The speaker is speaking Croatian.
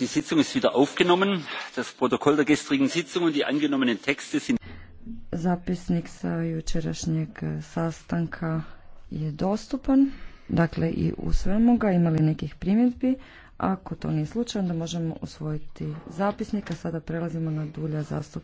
Die Sitzung ist wieder aufgenommen. Das Protokoll der gestrigen Sitzung und die angenommenen Texte sind... Zapisnik sa jučerašnjeg eh, sastanka je dostupan, dakle i svemu ga, imali nekih primjedbi. Ako to nije slučaj, onda možemo usvojiti zapisnika. Sada prelazimo na dulja zastupnika.